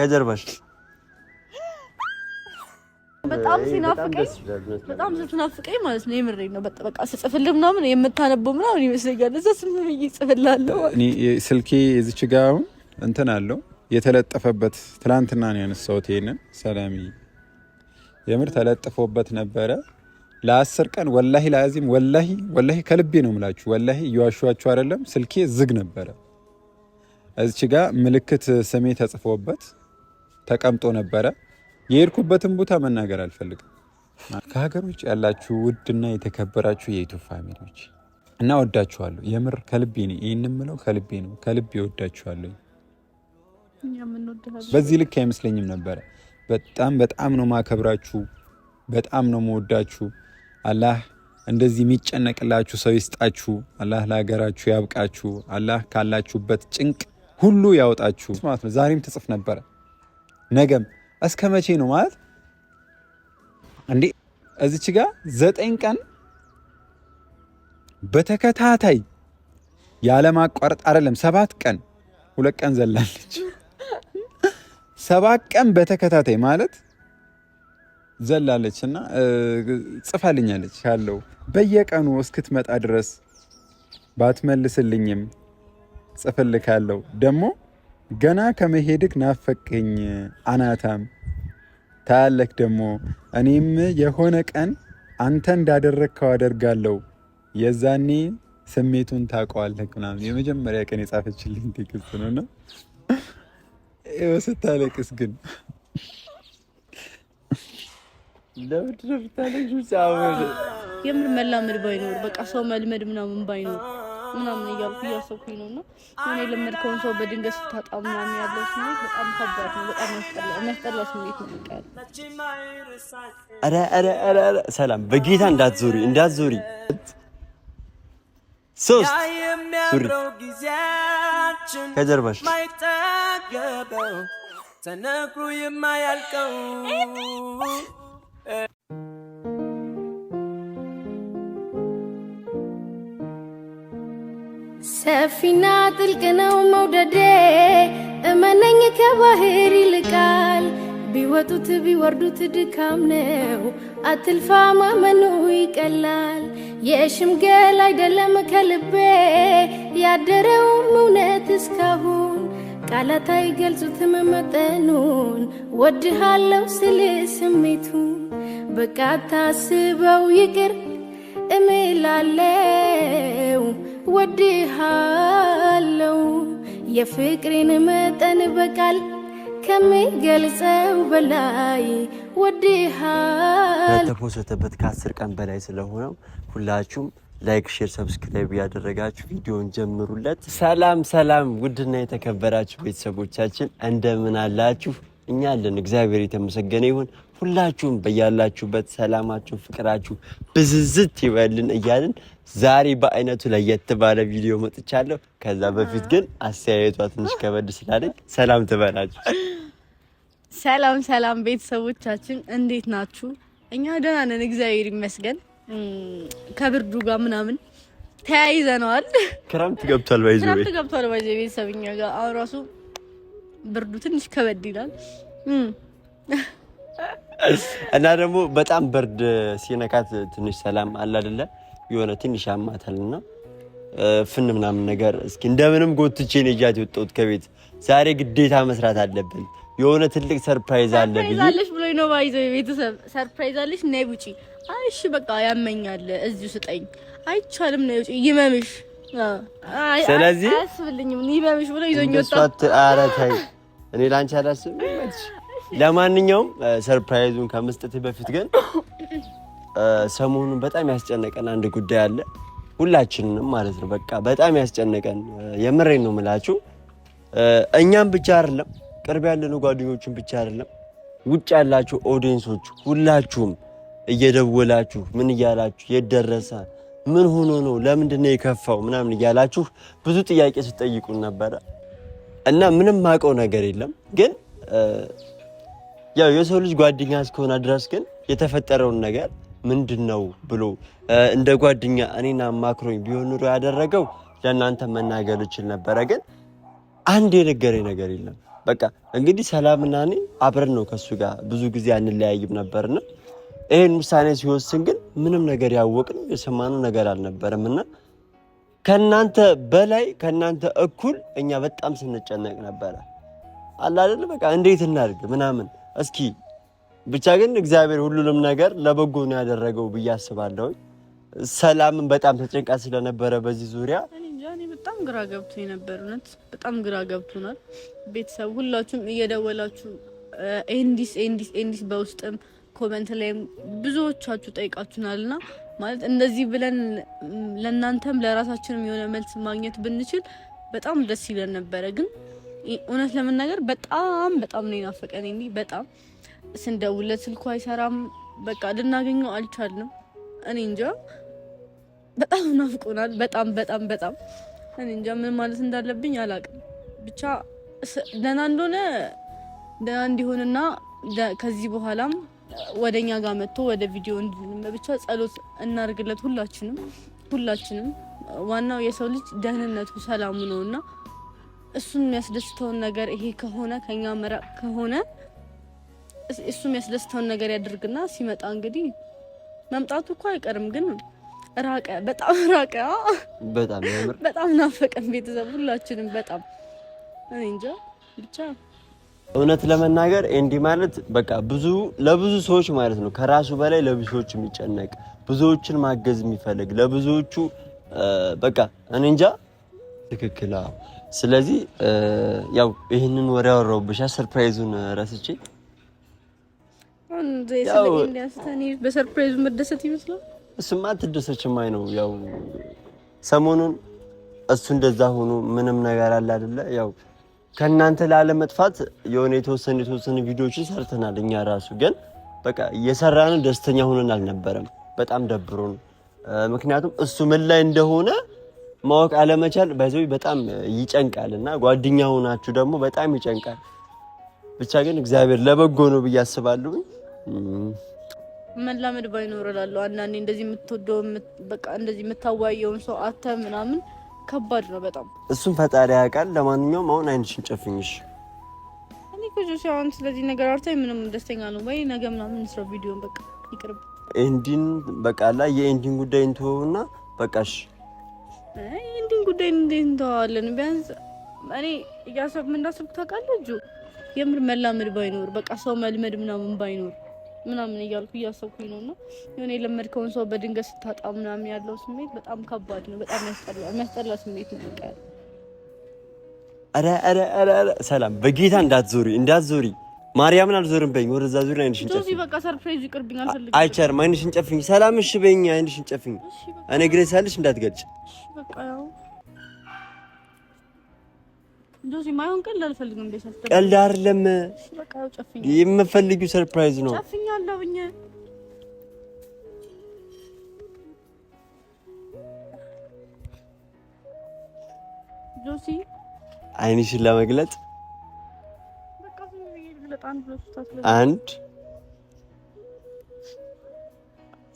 ከጀርባሽ በጣም ሲናፍቀኝ በጣም ስትናፍቀኝ ማለት ነው። የምሬን ነው። በጣም በቃ ስጽፍልህ ምናምን የምታነበው ምናምን ይመስለኛል። እዛ ስም ብዬ ጽፍላለሁ። ስልኬ እዚች ጋ እንትን አለው የተለጠፈበት ትላንትና ነው ያነሳሁት። ይሄንን ሰላሚ የምር ተለጥፎበት ነበረ ለአስር ቀን ወላሂ ለአዚም ወላሂ ወላሂ ከልቤ ነው የምላችሁ። ወላሂ እየዋሸኋችሁ አይደለም። ስልኬ ዝግ ነበረ። እዚች ጋ ምልክት ስሜ ተጽፎበት ተቀምጦ ነበረ። የሄድኩበትን ቦታ መናገር አልፈልግም። ከሀገር ውጭ ያላችሁ ውድና የተከበራችሁ የዩቱብ ፋሚሊዎች እና ወዳችኋለሁ። የምር ከልቤ ነው ይህን የምለው ከልቤ ነው። ከልቤ ወዳችኋለሁ። በዚህ ልክ አይመስለኝም ነበረ። በጣም በጣም ነው ማከብራችሁ፣ በጣም ነው መወዳችሁ። አላህ እንደዚህ የሚጨነቅላችሁ ሰው ይስጣችሁ። አላህ ለሀገራችሁ ያብቃችሁ። አላህ ካላችሁበት ጭንቅ ሁሉ ያወጣችሁ ማለት ነው። ዛሬም ትጽፍ ነበረ ነገም እስከ መቼ ነው ማለት እንዴ? እዚች ጋር ዘጠኝ ቀን በተከታታይ ያለማቋረጥ አይደለም፣ ሰባት ቀን ሁለት ቀን ዘላለች። ሰባት ቀን በተከታታይ ማለት ዘላለች እና ጽፋልኛለች ያለው በየቀኑ እስክትመጣ ድረስ ባትመልስልኝም ጽፍልካለው ደግሞ ገና ከመሄድክ ናፈቀኝ አናታም። ታያለክ ደግሞ እኔም የሆነ ቀን አንተ እንዳደረግከው አደርጋለሁ። የዛኔ ስሜቱን ታውቀዋለህ ምናምን የመጀመሪያ ቀን የጻፈችልኝ ቴክስት ነው እና ስታለቅስ ግን ለምድረ ብታለቅሱ የምር መላመድ ባይኖር በቃ ሰው መልመድ ምናምን ባይኖር ምናምን እያልኩ እያሰብኩኝ ነው። እና የሆነ የለመድከውን ሰው በድንገት ስታጣ ምናምን ያለው ስሜት በጣም ከባድ ነው። በጣም የሚያስጠላ ስሜት ነው። ኧረ ኧረ ኧረ ሰላም፣ በጌታ እንዳትዞሪ እንዳትዞሪ። ሶስት ከጀርባሽ ተነግሮ የማያልቀው ሰፊና ጥልቅ ነው መውደዴ እመነኝ ከባህር ይልቃል። ቢወጡት ቢወርዱት ድካም ነው አትልፋ ማመኑ ይቀላል። የሽምገል አይደለም ከልቤ ያደረውም እውነት እስካሁን ቃላት አይገልጹትም መጠኑን ወድሃለው ስል ስሜቱን በቃ ታስበው ይቅር እምላለው ወድሃለው የፍቅሬን መጠን በቃል ከሚገልጸው በላይ ወድሃል። ተፖሰተበት ከአስር ቀን በላይ ስለሆነው ሁላችሁም ላይክ፣ ሼር፣ ሰብስክራይብ ያደረጋችሁ ቪዲዮን ጀምሩለት። ሰላም ሰላም! ውድና የተከበራችሁ ቤተሰቦቻችን እንደምን አላችሁ? እኛ አለን፣ እግዚአብሔር የተመሰገነ ይሁን። ሁላችሁም በያላችሁበት ሰላማችሁ፣ ፍቅራችሁ ብዝዝት ይበልን እያልን ዛሬ በአይነቱ ለየት ባለ ቪዲዮ መጥቻለሁ። ከዛ በፊት ግን አስተያየቷ ትንሽ ከበድ ስላለኝ ሰላም ትበላችሁ። ሰላም ሰላም ቤተሰቦቻችን እንዴት ናችሁ? እኛ ደህና ነን እግዚአብሔር ይመስገን። ከብርዱ ጋር ምናምን ተያይዘነዋል። ክረምት ገብቷል ባይዘ ክረምት ገብቷል ባይዘ ቤተሰብኛ ጋር አሁን ራሱ ብርዱ ትንሽ ከበድ ይላል። እና ደግሞ በጣም በርድ ሲነካት ትንሽ ሰላም አለ አይደለ? የሆነ ትንሽ አማታልና ፍን ምናምን ነገር እስኪ እንደምንም ጎትቼ ነው ይዣት የወጣሁት ከቤት። ዛሬ ግዴታ መስራት አለብን። የሆነ ትልቅ ሰርፕራይዝ አለ ብዬሽ ብሎኝ ነው ባይዘው የቤተሰብ ሰርፕራይዝ አለሽ። ነይ ውጪ። አይ እሺ በቃ ያመኛል፣ እዚሁ ስጠኝ። አይቻልም፣ ነይ ውጪ። ይመምሽ። ስለዚህ አያስብልኝም፣ ይመምሽ ብሎ ይዞኝ ወጣ። ኧረ ተይ፣ እኔ ላንቺ አላስብም። ለማንኛውም ሰርፕራይዙን ከመስጠት በፊት ግን ሰሞኑን በጣም ያስጨነቀን አንድ ጉዳይ አለ፣ ሁላችንንም ማለት ነው። በቃ በጣም ያስጨነቀን የምሬን ነው የምላችሁ። እኛም ብቻ አይደለም ቅርብ ያለን ጓደኞችን ብቻ አይደለም ውጭ ያላችሁ ኦዲየንሶች ሁላችሁም እየደወላችሁ ምን እያላችሁ የደረሰ ምን ሆኖ ነው ለምንድን ነው የከፋው ምናምን እያላችሁ ብዙ ጥያቄ ስትጠይቁን ነበረ እና ምንም ማውቀው ነገር የለም ግን ያው የሰው ልጅ ጓደኛ እስከሆነ ድረስ ግን የተፈጠረውን ነገር ምንድን ነው ብሎ እንደ ጓደኛ እኔን አማክሮኝ ቢሆን ኑሮ ያደረገው ለእናንተ መናገር ይችል ነበረ። ግን አንድ የነገረኝ ነገር የለም። በቃ እንግዲህ ሰላምና እኔ አብረን ነው ከሱ ጋር ብዙ ጊዜ አንለያይም ነበርና ይህን ውሳኔ ሲወስን ግን ምንም ነገር ያወቅን የሰማነው ነገር አልነበረም እና ከእናንተ በላይ ከእናንተ እኩል እኛ በጣም ስንጨነቅ ነበረ። አለ አይደል በቃ እንዴት እናድርግ ምናምን እስኪ ብቻ ግን እግዚአብሔር ሁሉንም ነገር ለበጎ ነው ያደረገው ብዬ አስባለሁ። ሰላምን በጣም ተጨንቃ ስለነበረ በዚህ ዙሪያ እኔ በጣም ግራ ገብቶ የነበር እውነት በጣም ግራ ገብቶናል። ቤተሰብ ሁላችሁም እየደወላችሁ ኤንዲስ ኤንዲስ ኤንዲስ በውስጥም ኮመንት ላይም ብዙዎቻችሁ ጠይቃችሁናልና ማለት እንደዚህ ብለን ለእናንተም ለራሳችንም የሆነ መልስ ማግኘት ብንችል በጣም ደስ ይለን ነበረ ግን እውነት ለመናገር በጣም በጣም ነው የናፈቀን። እኔ በጣም ስንደውለት ስልኩ አይሰራም። በቃ ልናገኘው አልቻልንም። እኔ እንጃ በጣም ናፍቆናል። በጣም በጣም በጣም እኔ እንጃ ምን ማለት እንዳለብኝ አላቅም። ብቻ ደህና እንደሆነ ደህና እንዲሆንና ከዚህ በኋላም ወደኛ ጋር መጥቶ ወደ ቪዲዮ እንድንም ብቻ ጸሎት እናርግለት ሁላችንም ሁላችንም ዋናው የሰው ልጅ ደህንነቱ ሰላሙ ነውና እሱን የሚያስደስተውን ነገር ይሄ ከሆነ ከኛ መራቅ ከሆነ እሱ የሚያስደስተውን ነገር ያድርግና ሲመጣ እንግዲህ መምጣቱ እኮ አይቀርም፣ ግን ራቀ፣ በጣም ራቀ፣ በጣም ያምር፣ በጣም ናፈቀን ቤተሰብ ሁላችንም በጣም እኔ እንጃ ብቻ እውነት ለመናገር ኤንዲ ማለት በቃ ብዙ ለብዙ ሰዎች ማለት ነው ከራሱ በላይ ለብዙዎች የሚጨነቅ ብዙዎችን ማገዝ የሚፈልግ ለብዙዎቹ በቃ እኔ እንጃ ትክክል ስለዚህ ያው ይህንን ወሬ አወራሁብሻ። ሰርፕራይዙን ረስቼ በሰርፕራይዙ መደሰት ይመስላል። እሱማ አትደሰችም። አይ ነው ያው ሰሞኑን እሱ እንደዛ ሆኖ ምንም ነገር አለ አይደለ? ያው ከእናንተ ላለመጥፋት የሆነ የተወሰነ የተወሰነ ቪዲዮዎችን ሰርተናል እኛ ራሱ ግን በቃ የሰራን ደስተኛ ሆነን አልነበረም። በጣም ደብሮን ምክንያቱም እሱ ምን ላይ እንደሆነ ማወቅ አለመቻል በዚህ በጣም ይጨንቃል እና ጓደኛ ሆናችሁ ደግሞ በጣም ይጨንቃል። ብቻ ግን እግዚአብሔር ለበጎ ነው ብዬ አስባለሁ። መላመድ ባይኖር እላለሁ። አንዳንዴ እንደዚህ የምትወደው በቃ እንደዚህ የምታወያየውን ሰው አተ ምናምን ከባድ ነው በጣም እሱም ፈጣሪ ያውቃል። ለማንኛውም አሁን አይንሽን ጨፍኝሽ። እኔ ብዙ ሲሆን ስለዚህ ነገር አርታ ምንም ደስተኛ ነው ወይ ነገ ምናምን ስራ ቪዲዮን በቃ ይቅርብ። ኤንዲን በቃ ላይ የኤንዲን ጉዳይ እንትሆና በቃሽ እንዲህን ጉዳይ እንዴት እንተዋዋለን? ቢያንስ እኔ እያሰብ እንዳስብ ታውቃለህ እጁ የምር መላመድ ባይኖር በቃ ሰው መልመድ ምናምን ባይኖር ምናምን እያልኩ እያሰብኩኝ ነው። እና የሆነ የለመድከውን ሰው በድንገት ስታጣ ምናምን ያለው ስሜት በጣም ከባድ ነው። በጣም የሚያስጠላ ስሜት ነው። ኧረ ኧረ ኧረ ሰላም፣ በጌታ እንዳትዞሪ እንዳትዞሪ ማርያምን አልዞርም በይኝ፣ ወደዛ ዙሪያ አይንሽን ጨፍኝ። በቃ ሰርፕራይዝ ይቅርብኝ፣ አልፈልግም። አይቻልም። አይንሽን ጨፍኝ። ሰላም፣ እሺ በይኝ። አይንሽን ጨፍኝ። እኔ ግሬ ሳልሽ እንዳትገልጭ። ቀልድ አይደለም፣ የምፈልጊው ሰርፕራይዝ ነው። አይንሽን ለመግለጥ አንድ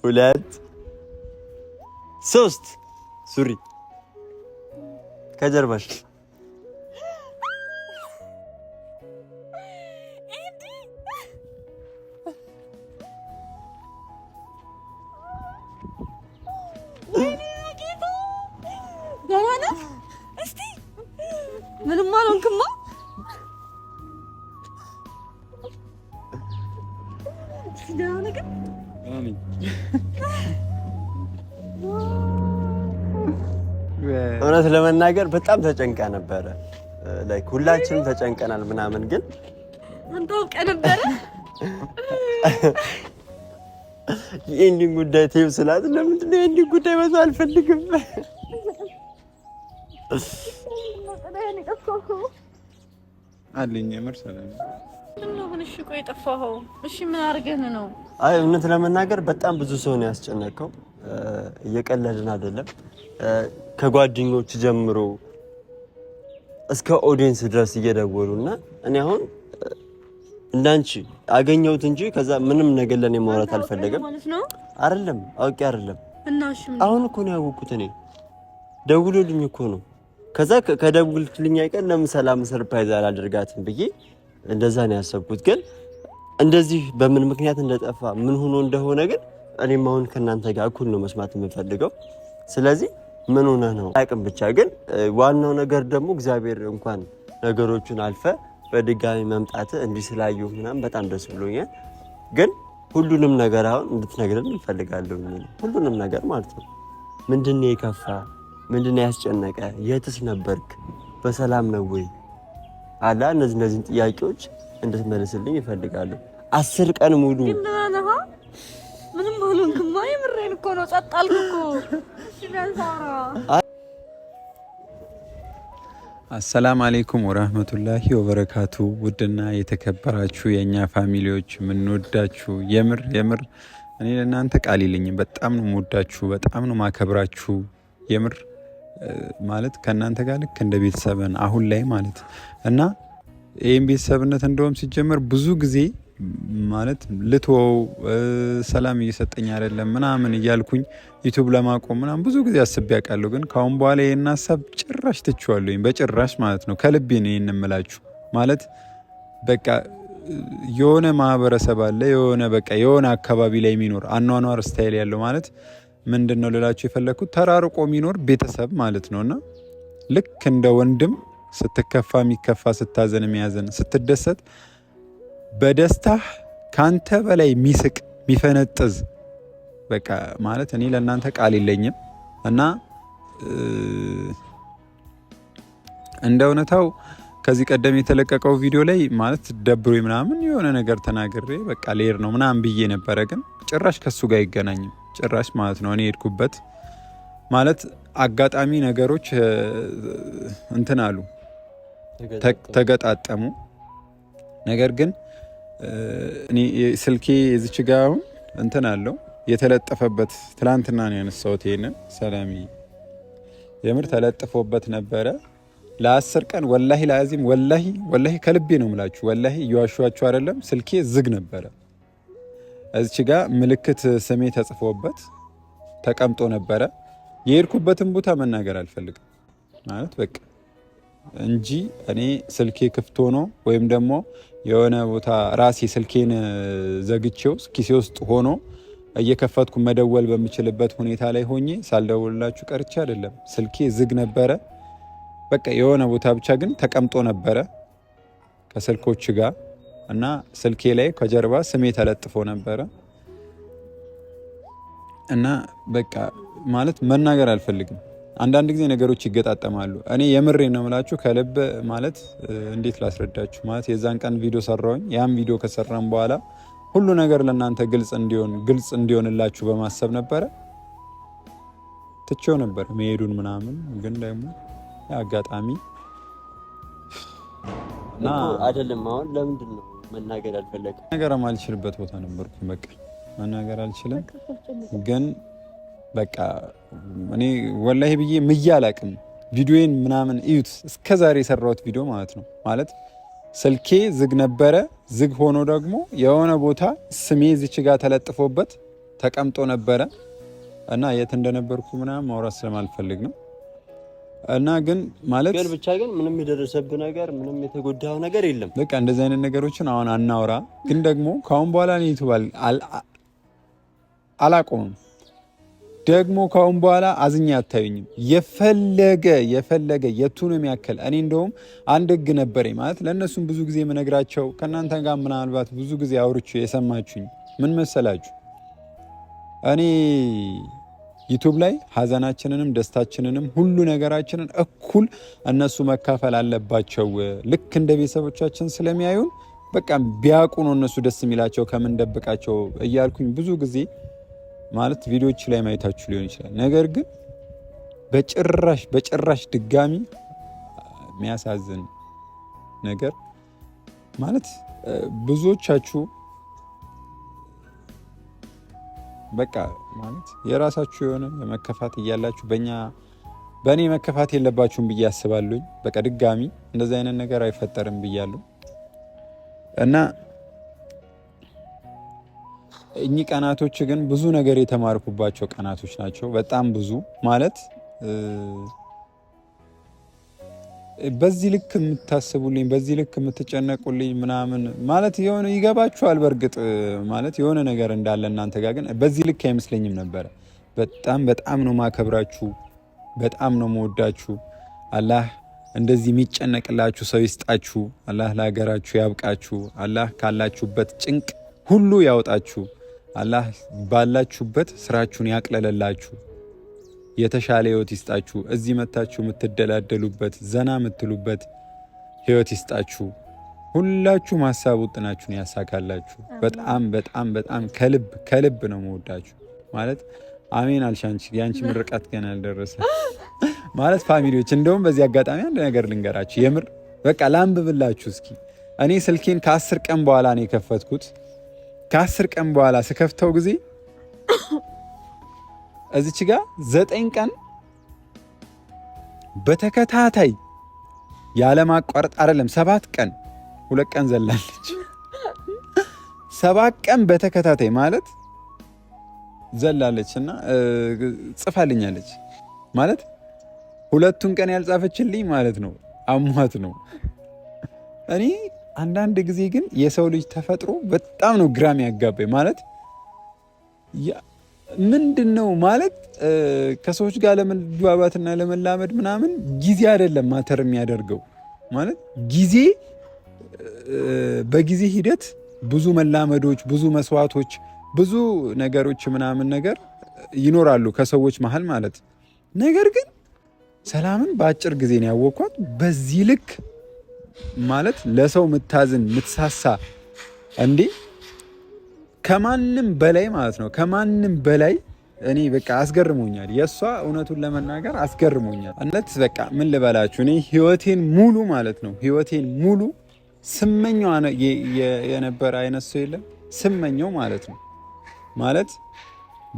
ሁለት ሶስት ሱሪ ከጀርባሽ ለመናገር በጣም ተጨንቀ ነበረ። ላይክ ሁላችንም ተጨንቀናል ምናምን፣ ግን አንተውቀ ነበረ የኤንዲንግ ጉዳይ ቴም ስላት ለምንድን ነው የኤንዲንግ ጉዳይ መቶ አልፈልግም አለኝ። ምር ሰላም ምን አድርገን ነው? አይ እውነት ለመናገር በጣም ብዙ ሰው ነው ያስጨነቀው። እየቀለድን አይደለም። ከጓደኞች ጀምሮ እስከ ኦዲየንስ ድረስ እየደወሉ እና እኔ አሁን እንዳንቺ አገኘሁት እንጂ ከዛ ምንም ነገር ለእኔ ማውራት አልፈለገም። አይደለም አውቄ አይደለም። አሁን እኮ ነው ያወቅሁት። እኔ ደውሎልኝ እኮ ነው። ከዛ ከደውልልኝ አይቀር ለምን ሰላም ሰርፕራይዝ አላደርጋትም ብዬ እንደዛ ነው ያሰብኩት። ግን እንደዚህ በምን ምክንያት እንደጠፋ ምን ሆኖ እንደሆነ ግን እኔም አሁን ከእናንተ ጋር እኩል ነው መስማት የምፈልገው ስለዚህ ምን ሆነ ነው አቅም ብቻ ግን ዋናው ነገር ደግሞ እግዚአብሔር እንኳን ነገሮቹን አልፈ በድጋሚ መምጣት እንዲህ ስላዩ ምናምን በጣም ደስ ብሎኛል። ግን ሁሉንም ነገር አሁን እንድትነግረን እንፈልጋለሁ። ሁሉንም ነገር ማለት ነው። ምንድን የከፋ? ምንድን ያስጨነቀ? የትስ ነበርክ? በሰላም ነው ወይ አላ? እነዚህ እነዚህን ጥያቄዎች እንድትመልስልኝ ይፈልጋሉ? አስር ቀን ሙሉ ምንም ሆኖ አሰላም አሌይኩም ወራህመቱላሂ ወበረካቱ። ውድና የተከበራችሁ የእኛ ፋሚሊዎች የምንወዳችሁ የምር የምር እኔ ለእናንተ ቃል የለኝም። በጣም ነው የምወዳችሁ፣ በጣም ነው ማከብራችሁ። የምር ማለት ከእናንተ ጋር ልክ እንደ ቤተሰብን አሁን ላይ ማለት እና ይህም ቤተሰብነት እንደውም ሲጀመር ብዙ ጊዜ ማለት ልትወው ሰላም እየሰጠኝ አይደለም ምናምን እያልኩኝ ዩቱብ ለማቆም ምናምን ብዙ ጊዜ አስቤ ያውቃለሁ። ግን ካሁን በኋላ ይህን ሀሳብ ጭራሽ ትችዋለኝ፣ በጭራሽ ማለት ነው። ከልቤ ነው ይህን እምላችሁ። ማለት በቃ የሆነ ማህበረሰብ አለ የሆነ በቃ የሆነ አካባቢ ላይ የሚኖር አኗኗር ስታይል ያለው ማለት ምንድን ነው ልላችሁ የፈለግኩት ተራርቆ የሚኖር ቤተሰብ ማለት ነው እና ልክ እንደ ወንድም ስትከፋ የሚከፋ ስታዘን የሚያዘን ስትደሰት በደስታህ ካንተ በላይ የሚስቅ የሚፈነጥዝ በቃ ማለት እኔ ለእናንተ ቃል የለኝም እና እንደ እውነታው ከዚህ ቀደም የተለቀቀው ቪዲዮ ላይ ማለት ደብሮ ምናምን የሆነ ነገር ተናግሬ በቃ ሌር ነው ምናምን ብዬ ነበረ። ግን ጭራሽ ከሱ ጋር አይገናኝም ጭራሽ ማለት ነው። እኔ ሄድኩበት ማለት አጋጣሚ ነገሮች እንትን አሉ፣ ተገጣጠሙ ነገር ግን ስልኬ የዚች ጋ አሁን እንትን አለው የተለጠፈበት ትላንትና ነው ያነሳሁት። ይሄንን ሰላሚ የምር ተለጥፎበት ነበረ ለአስር ቀን ወላሂ ለአዚም ወላሂ ወላሂ ከልቤ ነው የምላችሁ ወላሂ እየዋሸኋችሁ አይደለም። ስልኬ ዝግ ነበረ። እዚች ጋ ምልክት ስሜ ተጽፎበት ተቀምጦ ነበረ። የሄድኩበትን ቦታ መናገር አልፈልግም ማለት በቃ እንጂ እኔ ስልኬ ክፍት ሆኖ ወይም ደግሞ የሆነ ቦታ ራሴ ስልኬን ዘግቼው ኪሴ ውስጥ ሆኖ እየከፈትኩ መደወል በምችልበት ሁኔታ ላይ ሆኜ ሳልደውልላችሁ ቀርቼ አይደለም። ስልኬ ዝግ ነበረ፣ በቃ የሆነ ቦታ ብቻ ግን ተቀምጦ ነበረ ከስልኮች ጋር እና ስልኬ ላይ ከጀርባ ስሜ ተለጥፎ ነበረ እና በቃ ማለት መናገር አልፈልግም። አንዳንድ ጊዜ ነገሮች ይገጣጠማሉ። እኔ የምሬ ነው የምላችሁ ከልብ ማለት እንዴት ላስረዳችሁ፣ ማለት የዛን ቀን ቪዲዮ ሰራውኝ ያም ቪዲዮ ከሰራን በኋላ ሁሉ ነገር ለእናንተ ግልጽ እንዲሆን ግልጽ እንዲሆንላችሁ በማሰብ ነበረ ትቼው ነበር መሄዱን ምናምን። ግን ደግሞ አጋጣሚ አይደለም አሁን ለምንድን ነው መናገር አልፈለግም? ነገር አልችልበት ቦታ ነበርኩ። በቃ መናገር አልችልም ግን በቃ እኔ ወላሂ ብዬ ምያ አላቅም። ቪዲዮዬን ምናምን እዩት። እስከ ዛሬ የሰራሁት ቪዲዮ ማለት ነው። ማለት ስልኬ ዝግ ነበረ። ዝግ ሆኖ ደግሞ የሆነ ቦታ ስሜ ዝች ጋር ተለጥፎበት ተቀምጦ ነበረ እና የት እንደነበርኩ ምናምን ማውራት ስለማልፈልግ ነው። እና ግን ማለት ግን ብቻ ግን ምንም የደረሰብህ ነገር ምንም የተጎዳው ነገር የለም። በቃ እንደዚህ አይነት ነገሮችን አሁን አናውራ። ግን ደግሞ ከአሁን በኋላ ዩቱብ አላቆምም ደግሞ ካሁን በኋላ አዝኛ አታዩኝም። የፈለገ የፈለገ የቱንም ያክል እኔ እንደውም አንድ ህግ ነበረኝ ማለት ለእነሱም ብዙ ጊዜ የምነግራቸው ከእናንተ ጋር ምናልባት ብዙ ጊዜ አውርቼ የሰማችሁኝ ምን መሰላችሁ? እኔ ዩቱብ ላይ ሀዘናችንንም ደስታችንንም ሁሉ ነገራችንን እኩል እነሱ መካፈል አለባቸው። ልክ እንደ ቤተሰቦቻችን ስለሚያዩን በቃ ቢያውቁ ነው እነሱ ደስ የሚላቸው ከምንደብቃቸው እያልኩኝ ብዙ ጊዜ ማለት ቪዲዮዎች ላይ ማየታችሁ ሊሆን ይችላል። ነገር ግን በጭራሽ በጭራሽ ድጋሚ የሚያሳዝን ነገር ማለት ብዙዎቻችሁ በቃ ማለት የራሳችሁ የሆነ መከፋት እያላችሁ በእኛ በእኔ መከፋት የለባችሁም ብዬ አስባለሁኝ። በቃ ድጋሚ እንደዚህ አይነት ነገር አይፈጠርም ብያለሁ እና እኚህ ቀናቶች ግን ብዙ ነገር የተማርኩባቸው ቀናቶች ናቸው። በጣም ብዙ ማለት በዚህ ልክ የምታስቡልኝ፣ በዚህ ልክ የምትጨነቁልኝ ምናምን ማለት የሆነ ይገባችኋል። በእርግጥ ማለት የሆነ ነገር እንዳለ እናንተ ጋር ግን በዚህ ልክ አይመስለኝም ነበረ። በጣም በጣም ነው ማከብራችሁ፣ በጣም ነው መወዳችሁ። አላህ እንደዚህ የሚጨነቅላችሁ ሰው ይስጣችሁ። አላህ ለሀገራችሁ ያብቃችሁ። አላህ ካላችሁበት ጭንቅ ሁሉ ያወጣችሁ። አላህ ባላችሁበት ስራችሁን ያቅለለላችሁ፣ የተሻለ ህይወት ይስጣችሁ። እዚህ መታችሁ የምትደላደሉበት ዘና የምትሉበት ህይወት ይስጣችሁ። ሁላችሁም ማሳብ ውጥናችሁን ያሳካላችሁ። በጣም በጣም በጣም ከልብ ከልብ ነው መወዳችሁ ማለት አሜን አልሻንች የአንቺ ምርቃት ገና አልደረሰ ማለት ፋሚሊዎች፣ እንደውም በዚህ አጋጣሚ አንድ ነገር ልንገራችሁ። የምር በቃ ላንብብላችሁ እስኪ። እኔ ስልኬን ከአስር ቀን በኋላ ነው የከፈትኩት ከአስር ቀን በኋላ ስከፍተው ጊዜ እዚች ጋር ዘጠኝ ቀን በተከታታይ ያለማቋረጥ አይደለም፣ ሰባት ቀን ሁለት ቀን ዘላለች። ሰባት ቀን በተከታታይ ማለት ዘላለች እና ጽፋልኛለች ማለት ሁለቱን ቀን ያልጻፈችልኝ ማለት ነው። አሟት ነው እኔ አንዳንድ ጊዜ ግን የሰው ልጅ ተፈጥሮ በጣም ነው ግራም ያጋባኝ። ማለት ምንድን ነው ማለት ከሰዎች ጋር ለመግባባትና ለመላመድ ምናምን ጊዜ አይደለም ማተር የሚያደርገው ማለት ጊዜ በጊዜ ሂደት ብዙ መላመዶች፣ ብዙ መስዋዕቶች፣ ብዙ ነገሮች ምናምን ነገር ይኖራሉ ከሰዎች መሀል ማለት ነገር ግን ሰላምን በአጭር ጊዜ ነው ያወቅኳት በዚህ ልክ ማለት ለሰው ምታዝን ምትሳሳ፣ እንዴ ከማንም በላይ ማለት ነው። ከማንም በላይ እኔ በቃ አስገርሞኛል። የእሷ እውነቱን ለመናገር አስገርሞኛል። እነት በቃ ምን ልበላችሁ፣ እኔ ህይወቴን ሙሉ ማለት ነው ህይወቴን ሙሉ ስመኛው የነበረ አይነት ሰው የለም። ስመኛው ማለት ነው ማለት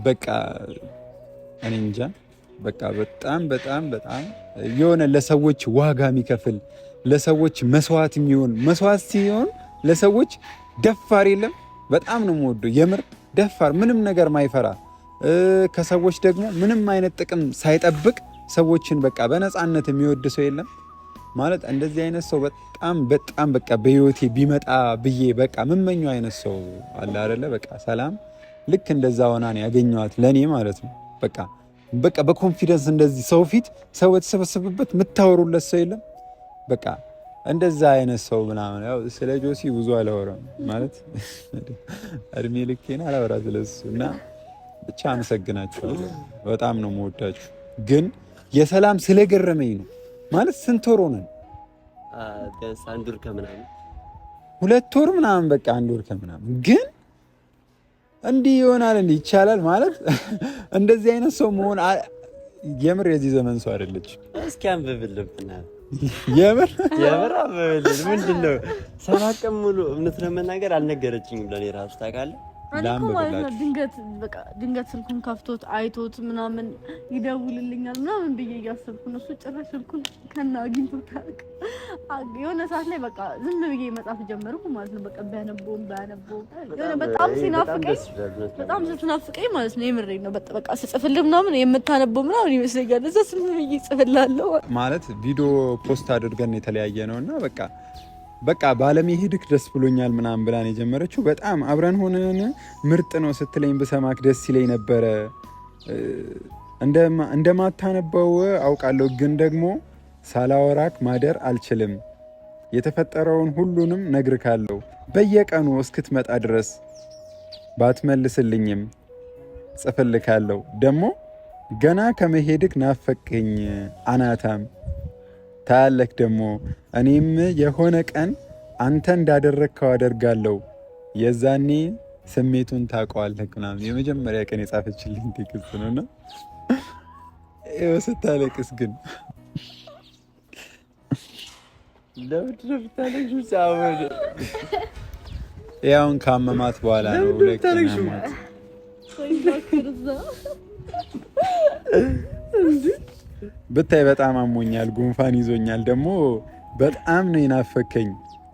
በቃ እኔ እንጃ በቃ በጣም በጣም በጣም የሆነ ለሰዎች ዋጋ የሚከፍል ለሰዎች መስዋዕት የሚሆን መስዋዕት ሲሆን ለሰዎች ደፋር የለም። በጣም ነው የምወደው የምር ደፋር፣ ምንም ነገር ማይፈራ ከሰዎች ደግሞ ምንም አይነት ጥቅም ሳይጠብቅ ሰዎችን በቃ በነፃነት የሚወድ ሰው የለም። ማለት እንደዚህ አይነት ሰው በጣም በጣም በቃ በህይወቴ ቢመጣ ብዬ በቃ ምመኘው አይነት ሰው አለ አይደለ? በቃ ሰላም ልክ እንደዛ ሆና ነው ያገኘዋት ለእኔ ማለት ነው። በቃ በቃ በኮንፊደንስ እንደዚህ ሰው ፊት ሰው የተሰበሰበበት የምታወሩለት ሰው የለም በቃ እንደዛ አይነት ሰው ምናምን ያው ስለ ጆሲ ብዙ አላወራም ማለት እድሜ ልኬን አላወራ ስለሱ እና ብቻ አመሰግናችሁ በጣም ነው መወዳችሁ። ግን የሰላም ስለገረመኝ ነው ማለት ስንት ወር ሆነን አንድ ወር ከምናምን ሁለት ወር ምናምን በቃ አንድ ወር ከምናምን ግን እንዲህ ይሆናል እንዲህ ይቻላል ማለት እንደዚህ አይነት ሰው መሆን የምር የዚህ ዘመን ሰው አይደለች። እስኪ አንብብልብናል የምር የምር ምንድን ነው? ሰባት ቀን ሙሉ እምነት ለመናገር አልነገረችኝም ለእኔ ራሱ ታውቃለህ እኮ ማለት ነው ድንገት በቃ ድንገት ስልኩን ከፍቶት አይቶት ምናምን ይደውልልኛል ምናምን ብዬ እያሰብኩ ነው። እሱ ጭራሽ ስልኩን ከና አግኝቶታል። የሆነ ሰዓት ላይ በቃ ዝም ብዬ መጻፍ ጀመርኩ ማለት ነው። በቃ ቢያነበውም ባያነበውም የሆነ በጣም ሲናፍቀኝ በጣም ስትናፍቀኝ ማለት ነው። የምሬን ነው። በቃ ስጽፍልህ ምናምን የምታነበው ምናምን ይመስለኛል። እዛ ዝም ብዬ ጽፍላለሁ ማለት ቪዲዮ ፖስት አድርገን የተለያየ ነው እና በቃ በቃ ባለመሄድክ ደስ ብሎኛል ምናምን ብላን የጀመረችው በጣም አብረን ሆነን ምርጥ ነው ስትለኝ ብሰማክ ደስ ይለኝ ነበረ። እንደማታነበው አውቃለሁ፣ ግን ደግሞ ሳላወራክ ማደር አልችልም። የተፈጠረውን ሁሉንም ነግርካለሁ በየቀኑ እስክትመጣ ድረስ። ባትመልስልኝም ጽፍልካለሁ። ደግሞ ገና ከመሄድክ ናፈቅኝ አናታም ታያለህ ደግሞ እኔም የሆነ ቀን አንተ እንዳደረግከው አደርጋለሁ። የዛኔ ስሜቱን ታውቀዋለህ ምናምን የመጀመሪያ ቀን የጻፈችልኝ ቴክስት ነው እና ይኸው ስታለቅስ ግን ያውን ካመማት በኋላ ነው ብታይ በጣም አሞኛል፣ ጉንፋን ይዞኛል። ደግሞ በጣም ነው የናፈከኝ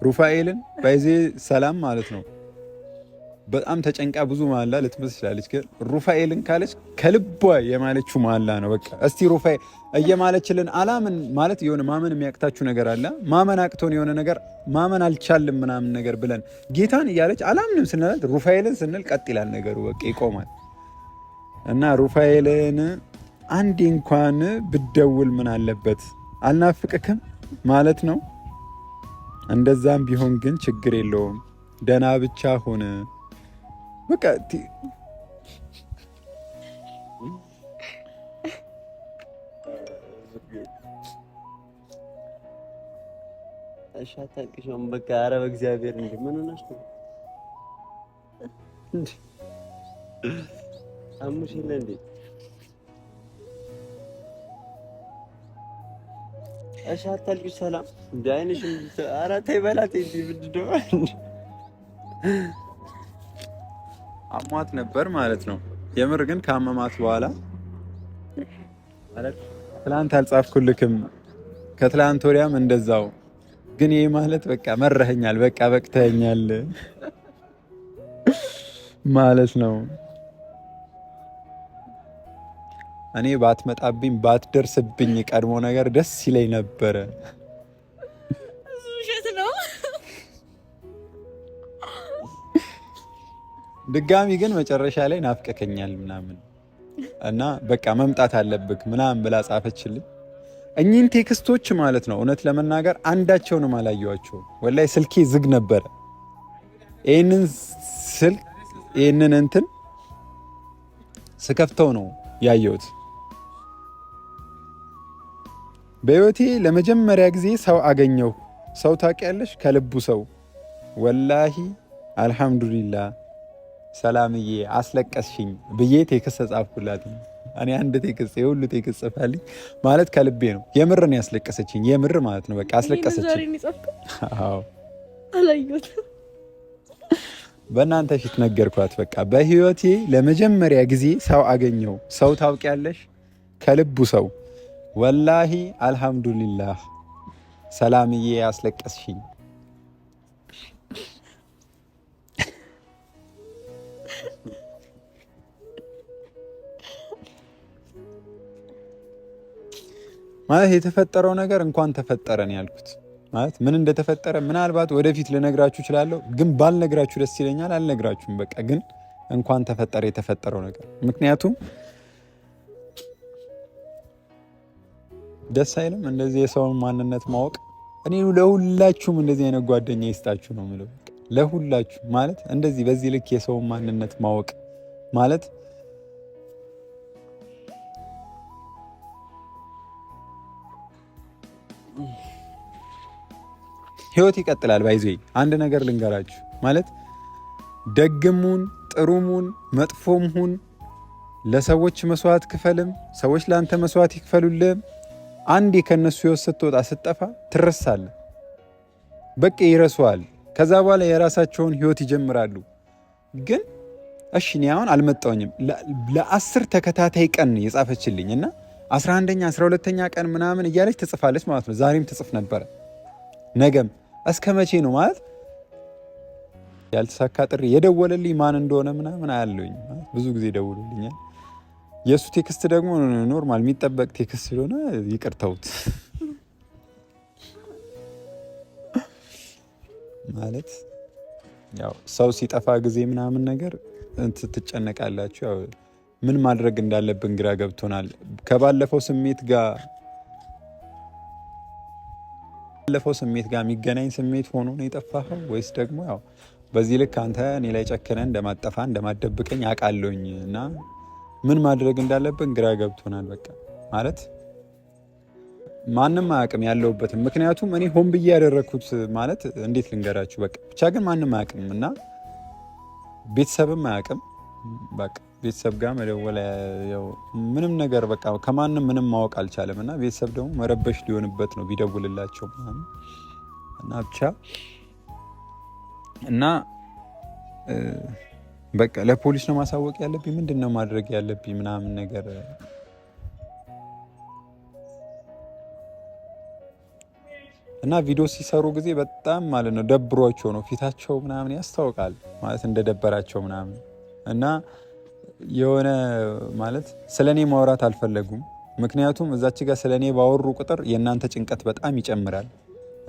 ሩፋኤልን ባይዜ ሰላም ማለት ነው። በጣም ተጨንቃ ብዙ መሀላ ልትመስል ግን ሩፋኤልን ካለች ከልቧ የማለችው መሀላ ነው። በቃ እስቲ ሩፋኤል እየማለችልን አላምን ማለት የሆነ ማመን የሚያቅታችሁ ነገር አለ። ማመን አቅቶን የሆነ ነገር ማመን አልቻልም ምናምን ነገር ብለን ጌታን እያለች አላምንም ስንላት ሩፋኤልን ስንል ቀጥ ይላል ነገሩ፣ በቃ ይቆማል። እና ሩፋኤልን አንዴ እንኳን ብደውል ምን አለበት አልናፍቅክም ማለት ነው። እንደዛም ቢሆን ግን ችግር የለውም ደህና ብቻ ሆነ በቃ እሺ በቃ ኧረ በእግዚአብሔር እንደ ምን ሆነሽ ነው? አሙሽ የለ እንዴ? እሺ ሰላም እንደ አይንሽ ኧረ ተይ በላት። አሟት ነበር ማለት ነው። የምር ግን ከአመማት በኋላ ትላንት አልጻፍኩልክም፣ ከትላንት ወዲያም እንደዛው። ግን ይህ ማለት በቃ መረህኛል በቃ በቅተኛል ማለት ነው። እኔ ባትመጣብኝ ባትደርስብኝ ቀድሞ ነገር ደስ ይለኝ ነበረ። ውሸት ነው። ድጋሚ ግን መጨረሻ ላይ ናፍቀከኛል ምናምን እና በቃ መምጣት አለብክ ምናምን ብላ ጻፈችልኝ። እኚህን ቴክስቶች ማለት ነው እውነት ለመናገር አንዳቸውንም አላየኋቸውም። ወላይ ስልኬ ዝግ ነበረ። ይህንን ስልክ ይህንን እንትን ስከፍተው ነው ያየሁት። በሕይወቴ ለመጀመሪያ ጊዜ ሰው አገኘሁ። ሰው ታውቂያለሽ? ከልቡ ሰው ወላሂ አልሐምዱሊላ ሰላምዬ አስለቀስሽኝ ብዬ ቴክስ ተጻፍኩላት። እኔ አንድ ቴክስ የሁሉ ቴክስ ጽፋልኝ ማለት ከልቤ ነው። የምር ነው ያስለቀሰችኝ። የምር ማለት ነው በቃ አስለቀሰችኝ። በእናንተ ፊት ነገርኳት። በቃ በህይወቴ ለመጀመሪያ ጊዜ ሰው አገኘሁ። ሰው ታውቂያለሽ? ከልቡ ሰው ወላሂ አልሐምዱሊላህ ሰላምዬ ያስለቀስሽኝ ማለት የተፈጠረው ነገር እንኳን ተፈጠረ ነው ያልኩት። ማለት ምን እንደተፈጠረ ምናልባት ወደፊት ልነግራችሁ እችላለሁ፣ ግን ባልነግራችሁ ደስ ይለኛል። አልነግራችሁም። በቃ ግን እንኳን ተፈጠረ የተፈጠረው ነገር ምክንያቱም ደስ አይልም? እንደዚህ የሰውን ማንነት ማወቅ። እኔ ለሁላችሁም እንደዚህ አይነት ጓደኛ ይስጣችሁ ነው የምለው። ለሁላችሁ ማለት እንደዚህ በዚህ ልክ የሰውን ማንነት ማወቅ ማለት ህይወት ይቀጥላል። ባይዞ አንድ ነገር ልንገራችሁ ማለት ደግሙን ጥሩሙን መጥፎም ሁን ለሰዎች መስዋዕት ክፈልም፣ ሰዎች ለአንተ መስዋዕት ይክፈሉልም። አንዴ ከነሱ ህይወት ስትወጣ ስትጠፋ ትረሳለ። በቃ ይረሷዋል። ከዛ በኋላ የራሳቸውን ህይወት ይጀምራሉ። ግን እሺ እኔ አሁን አልመጣውኝም። ለአስር ተከታታይ ቀን የጻፈችልኝ እና 11ኛ 12ኛ ቀን ምናምን እያለች ትጽፋለች ማለት ነው። ዛሬም ትጽፍ ነበረ፣ ነገም እስከ መቼ ነው ማለት ያልተሳካ ጥሪ የደወለልኝ ማን እንደሆነ ምናምን አያለኝ። ብዙ ጊዜ ደውሉልኛል። የእሱ ቴክስት ደግሞ ኖርማል የሚጠበቅ ቴክስት ስለሆነ ይቅርተውት ማለት ያው ሰው ሲጠፋ ጊዜ ምናምን ነገር ትጨነቃላችሁ። ያው ምን ማድረግ እንዳለብን ግራ ገብቶናል። ከባለፈው ስሜት ጋር ባለፈው ስሜት ጋር የሚገናኝ ስሜት ሆኖ ነው የጠፋኸው ወይስ ደግሞ ያው በዚህ ልክ አንተ እኔ ላይ ጨክነን እንደማጠፋ እንደማደብቀኝ አውቃለሁኝ እና ምን ማድረግ እንዳለብን ግራ ገብቶናል። በቃ ማለት ማንም አያውቅም ያለውበትም ምክንያቱም እኔ ሆን ብዬ ያደረግኩት ማለት እንዴት ልንገራችሁ፣ በቃ ብቻ ግን ማንም አያውቅም እና ቤተሰብም አያውቅም። በቃ ቤተሰብ ጋር መደወል ምንም ነገር በቃ ከማንም ምንም ማወቅ አልቻለም። እና ቤተሰብ ደግሞ መረበሽ ሊሆንበት ነው ቢደውልላቸው እና ብቻ እና በቃ ለፖሊስ ነው ማሳወቅ ያለብኝ፣ ምንድን ነው ማድረግ ያለብኝ ምናምን ነገር እና ቪዲዮ ሲሰሩ ጊዜ በጣም ማለት ነው ደብሯቸው ነው ፊታቸው ምናምን ያስታውቃል ማለት እንደደበራቸው ምናምን እና የሆነ ማለት ስለ እኔ ማውራት አልፈለጉም። ምክንያቱም እዛች ጋር ስለ እኔ ባወሩ ቁጥር የእናንተ ጭንቀት በጣም ይጨምራል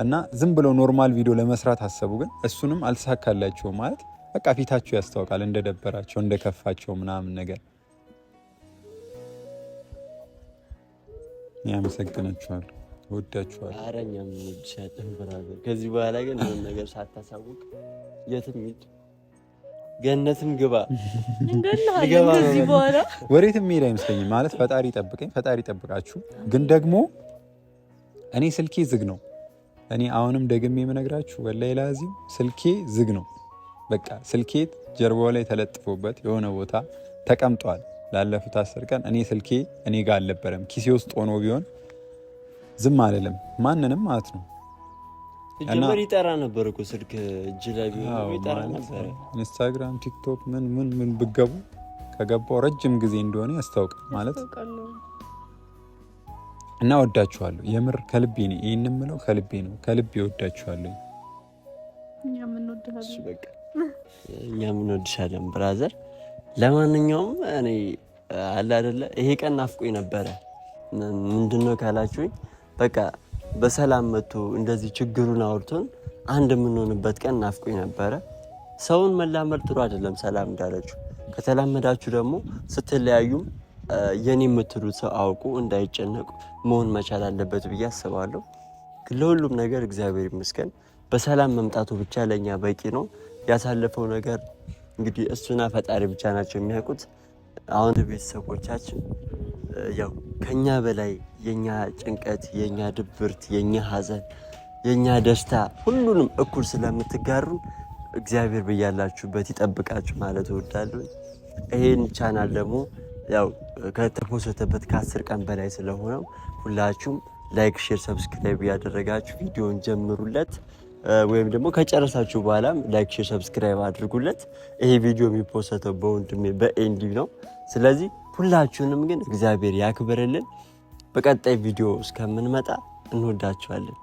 እና ዝም ብለው ኖርማል ቪዲዮ ለመስራት አሰቡ። ግን እሱንም አልተሳካላቸውም ማለት በቃ ፊታቸው ያስታውቃል እንደደበራቸው እንደከፋቸው ምናምን ነገር ያመሰግናችኋል። ወዳችኋል። ከዚህ በኋላ ግን ምን ነገር ሳታሳውቅ የትም ሂድ፣ ገነትም ግባ። ወዴትም ሄድ አይመስለኝም። ማለት ፈጣሪ ጠብቀኝ፣ ፈጣሪ ጠብቃችሁ። ግን ደግሞ እኔ ስልኬ ዝግ ነው። እኔ አሁንም ደግሜ የምነግራችሁ ወላሂ ላዚም ስልኬ ዝግ ነው። በቃ ስልኬት ጀርባው ላይ ተለጥፎበት የሆነ ቦታ ተቀምጧል። ላለፉት አስር ቀን እኔ ስልኬ እኔ ጋር አልነበረም። ኪሴ ውስጥ ሆኖ ቢሆን ዝም አልልም፣ ማንንም ማለት ነው። ጀመር ይጠራ ነበር እኮ ስልክ እጅ ላይ ይጠራ ነበር። ኢንስታግራም፣ ቲክቶክ ምን ምን ምን ብገቡ ከገባው ረጅም ጊዜ እንደሆነ ያስታውቅ ማለት እና ወዳችኋለሁ። የምር ከልቤ ነው ይህን የምለው፣ ከልቤ ነው። ከልቤ ወዳችኋለሁ። በቃ እኛም እንወድሻለን ብራዘር። ለማንኛውም እኔ አለ አደለ ይሄ ቀን ናፍቆኝ ነበረ። ምንድነው ካላችሁኝ በቃ በሰላም መጥቶ እንደዚህ ችግሩን አውርቶን አንድ የምንሆንበት ቀን ናፍቆኝ ነበረ። ሰውን መላመድ ጥሩ አይደለም። ሰላም እንዳለችው ከተላመዳችሁ ደግሞ ስትለያዩም የኔ የምትሉት ሰው አውቁ እንዳይጨነቁ መሆን መቻል አለበት ብዬ አስባለሁ። ለሁሉም ነገር እግዚአብሔር ይመስገን። በሰላም መምጣቱ ብቻ ለእኛ በቂ ነው። ያሳለፈው ነገር እንግዲህ እሱና ፈጣሪ ብቻ ናቸው የሚያውቁት። አሁን ቤተሰቦቻችን ያው ከኛ በላይ የኛ ጭንቀት፣ የኛ ድብርት፣ የኛ ሀዘን የኛ ደስታ ሁሉንም እኩል ስለምትጋሩ እግዚአብሔር ብያላችሁበት ይጠብቃችሁ ማለት እወዳለሁ። ይሄን ቻናል ደግሞ ያው ከተፖሰተበት ከአስር ቀን በላይ ስለሆነው ሁላችሁም ላይክ፣ ሼር፣ ሰብስክራይብ ያደረጋችሁ ቪዲዮን ጀምሩለት። ወይም ደግሞ ከጨረሳችሁ በኋላም ላይክ፣ ሼር፣ ሰብስክራይብ አድርጉለት። ይሄ ቪዲዮ የሚፖሰተው በወንድሜ በኤንዲ ነው። ስለዚህ ሁላችሁንም ግን እግዚአብሔር ያክብርልን። በቀጣይ ቪዲዮ እስከምንመጣ እንወዳችኋለን።